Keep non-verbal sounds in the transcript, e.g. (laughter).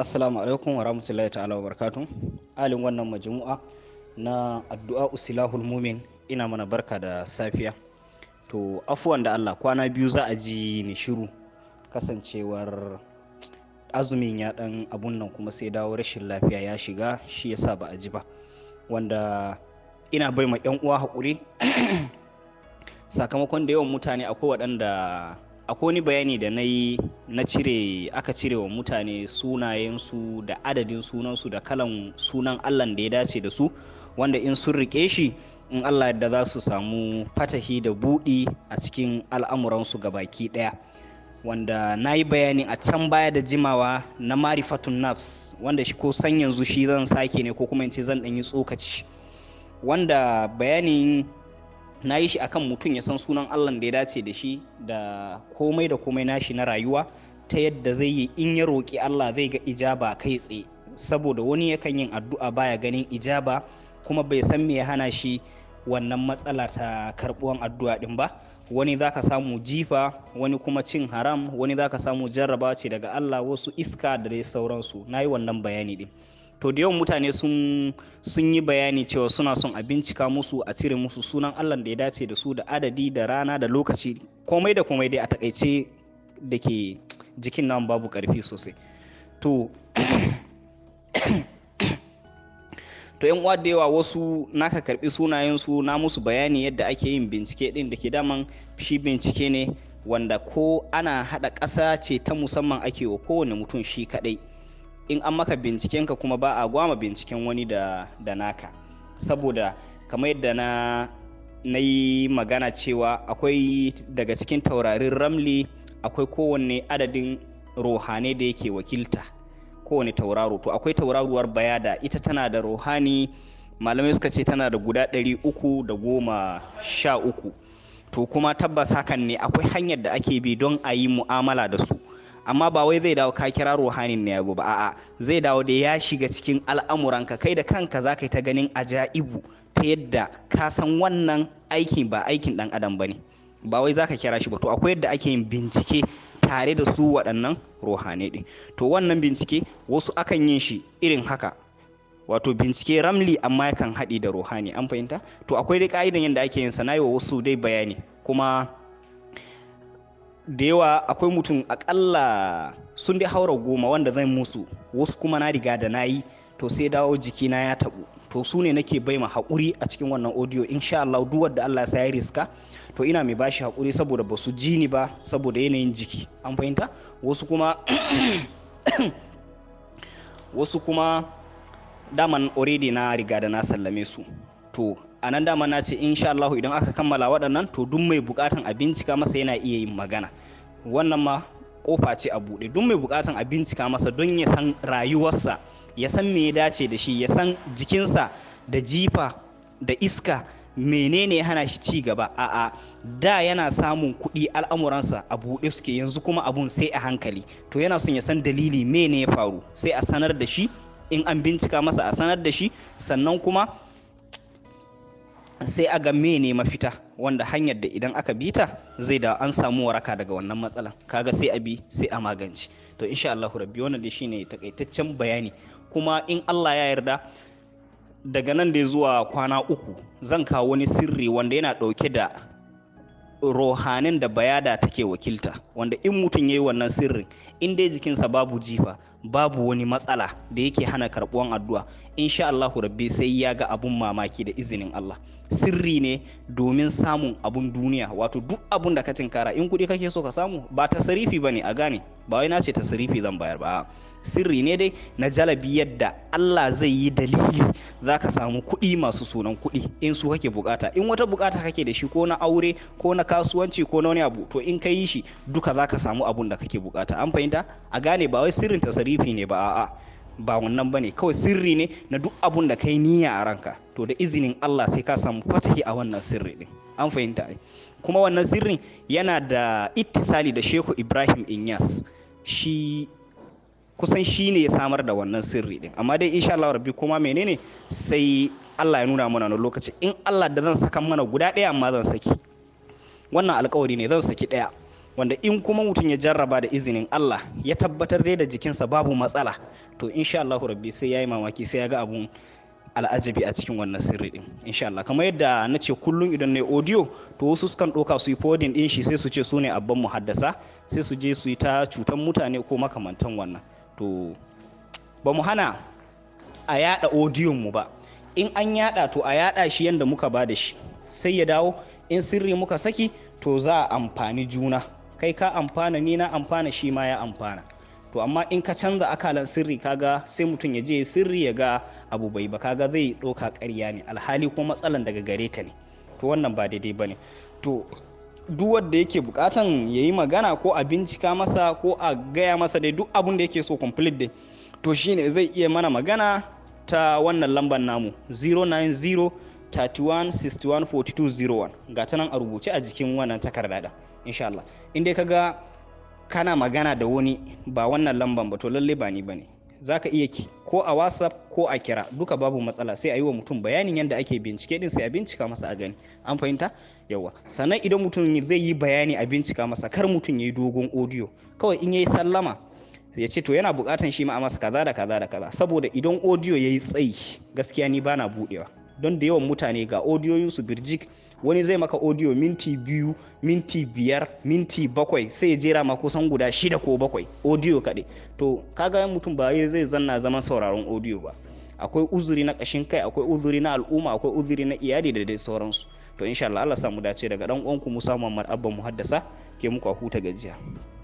assalamu alaikum wa rahmatullahi ta'ala wa barkatun alin wannan majmu'a na addu'a usilahul mumin ina mana barka da safiya to afuwan da allah kwana biyu za a ji ni shiru kasancewar azumin ya dan abun nan kuma sai dawo rashin lafiya ya shiga shi yasa ba a ji ba wanda ina bai ma yan uwa haƙuri (clears throat) sakamakon da yawan mutane akwai waɗanda akwai wani bayani da na yi na cire aka cire wa mutane sunayensu da adadin sunansu da kalan sunan allah da ya dace da su wanda in sun rike shi in allah yadda za su samu fatahi da buɗi a cikin al'amuransu ga baki ɗaya wanda na yi bayani a can baya da jimawa na marifatun nafs wanda shi ko san yanzu shi zan sake ne ko kuma in ce zan ɗanyi tsokaci wanda bayanin na yi shi akan mutum ya san sunan allah da ya dace da shi da komai da komai nashi na rayuwa ta yadda zai yi in ya roƙi allah zai ga ijaba kai tsaye saboda wani yakan yin addu'a baya ganin ijaba kuma bai san me ya hana shi wannan matsala ta karɓuwan addu'a din ba wani za ka samu jifa wani kuma cin haram wani za ka samu jarraba ce daga allah wasu iska da dai sauransu na yi wannan bayani ɗin to da yawan mutane sun yi bayani cewa suna son a bincika musu a cire musu sunan allah da ya dace da su da adadi da rana da lokaci komai da komai dai a takaice da ke jikin nan babu karfi sosai to (coughs) to yan uwa da yawa wasu naka karbi sunayensu na musu bayani yadda ake yin bincike din da ke daman shi bincike ne wanda ko ana hada ƙasa ce ta musamman ake wa kowane mutum shi kadai in an maka binciken ka kuma ba a gwama binciken wani da, naka saboda kamar yadda na na yi magana cewa akwai daga cikin taurarin ramli akwai kowanne adadin rohane da yake wakilta kowane tauraro to akwai tauraruwar baya da ita tana da rohani malamai suka ce tana da guda ɗari uku da goma sha uku to kuma tabbas hakan ne akwai hanyar da ake bi don a yi mu'amala da su amma ba wai zai dawo ka kira ruhanin ne yabo ba a'a zai dawo da ya shiga cikin al'amuranka kai da kanka za ka yi ta ganin ajaibu ta yadda ka san wannan aikin ba aikin dan adam ba ne ba wai za ka kira shi ba to akwai yadda ake yin bincike tare da su waɗannan ruhane. ɗin to wannan bincike wasu akan yin shi irin haka wato bincike ramli amma yakan haɗi da ruhani an fahimta to akwai dai ka'idan yadda ake yin sa wa wasu dai bayani kuma da yawa akwai mutum akalla sun dai haura goma wanda zan musu wasu kuma na riga da na yi to sai dawo jikina ya taɓu to su ne nake ma haƙuri a cikin wannan audio insha Allah duk wanda Allah ya yi riska to ina mai bashi haƙuri saboda ba su ji ni ba saboda yanayin jiki an fahimta wasu kuma (coughs) wasu kuma daman already na riga da na sallame su to a nan dama na ce insha Allah idan aka kammala waɗannan to duk mai bukatan a bincika masa yana iya yin magana wannan ma kofa ce a buɗe duk mai bukatan a bincika masa don ya san rayuwarsa ya san me ya dace da shi ya san jikinsa da jifa da iska menene ya hana shi ci gaba a'a da yana samun kuɗi al'amuransa a buɗe suke yanzu kuma abun sai a hankali to yana son ya san dalili mene ya faru sai a sanar da shi in an bincika masa a sanar da shi sannan kuma sai a ga mene mafita wanda hanyar da idan aka bi ta zai da an samu waraka daga wannan matsalan kaga sai a bi sai a magance to insha Allah rabbi wannan dai shine takaitaccen bayani kuma in Allah ya yarda daga nan ya zuwa kwana uku zan kawo wani sirri wanda yana ɗauke da rohanin da bayada take wakilta wanda in mutum ya yi wannan sirrin in dai jikinsa babu jifa babu wani matsala da yake hana karɓuwan addu'a insha Allahu rabbi sai ya ga abun mamaki da izinin Allah sirri ne domin samun abun duniya wato duk abun da ka tinkara in kuɗi kake so ka samu ba ta sarifi bane a gane ba wai na ce tasrifi zan bayar ba sirri ne dai na jalabi yadda Allah zai yi dalili za ka samu kuɗi masu sunan kuɗi in su kake bukata in wata bukata kake da shi ko na aure ko na kasuwanci ko na wani abu to in ka yi shi duka za ka samu abun da kake bukata an fahimta a gane ba wai sirrin tasrifi ne ba a'a ba wannan ba ne kawai sirri ne na duk abun da kai niyya a ranka to da izinin Allah sai ka samu fatahi a wannan sirri din an fahimta kuma wannan sirrin yana da ittisali da Shehu Ibrahim Inyas shi kusan shi ne ya samar da wannan sirri din amma dai insha Allah rabbi kuma menene sai Allah ya nuna mana na lokaci in Allah da zan saka mana guda ɗaya amma zan saki wannan alkawari ne zan saki ɗaya wanda in kuma mutum ya jarraba da izinin Allah ya tabbatar dai da jikinsa babu matsala to insha Allah rabbi sai ya yi mamaki sai ya ga abun al'ajabi a cikin wannan sirri din insha Allah kamar yadda na ce kullum idan ne audio to wasu sukan ɗauka su yi podin din shi sai su ce su ne abban muhaddasa sai su je su yi ta cutan mutane ko makamantan wannan to ba mu hana a yada audio mu ba in an yada to a yada shi yanda muka ba da shi sai ya dawo in sirri muka saki to za a amfani juna kai ka amfana ni na amfana shi ma ya amfana to amma in ka canza akalan sirri kaga sai mutum ya je sirri ya ga abu bai ba kaga zai ɗauka karya ne alhali kuma matsalan daga gare ka ne to wannan ba daidai ba ne to duk wanda yake bukatan ya yi magana ko a bincika masa ko a gaya masa dai duk abin da yake so complete dai to shine zai iya mana magana ta wannan lambar namu 090 31 61 42 01 ga ta nan a rubuce a jikin wannan takarda insha Allah in dai kaga kana magana da wani ba wannan lamban ba to lalle ba ni ba ne za ka iya ko a whatsapp ko a kira duka babu matsala sai a yi wa mutum bayanin yadda ake bincike din sai a bincika masa a gani an fahimta yawa sannan idan mutum zai yi bayani a bincika masa kar mutum ya yi dogon audio kawai in ya yi sallama ya ce to yana bukatan shi ma a masa kaza da kaza da kaza saboda idan audio ya yi tsayi gaskiya ni bana buɗewa. don da yawan mutane ga odiyoyinsu birjik wani zai maka odiyo minti biyu minti biyar minti bakwai sai ya jera ma kusan guda shida ko bakwai odiyo kaɗai to kaga mutum ba zai zanna zaman sauraron odiyo ba akwai uzuri na ƙashin kai akwai uzuri na al'umma akwai uzuri na iyali da dai sauransu to insha Allah Allah samu dace daga dan uwanku Musa Muhammad Abba Muhaddasa ke muku huta gajiya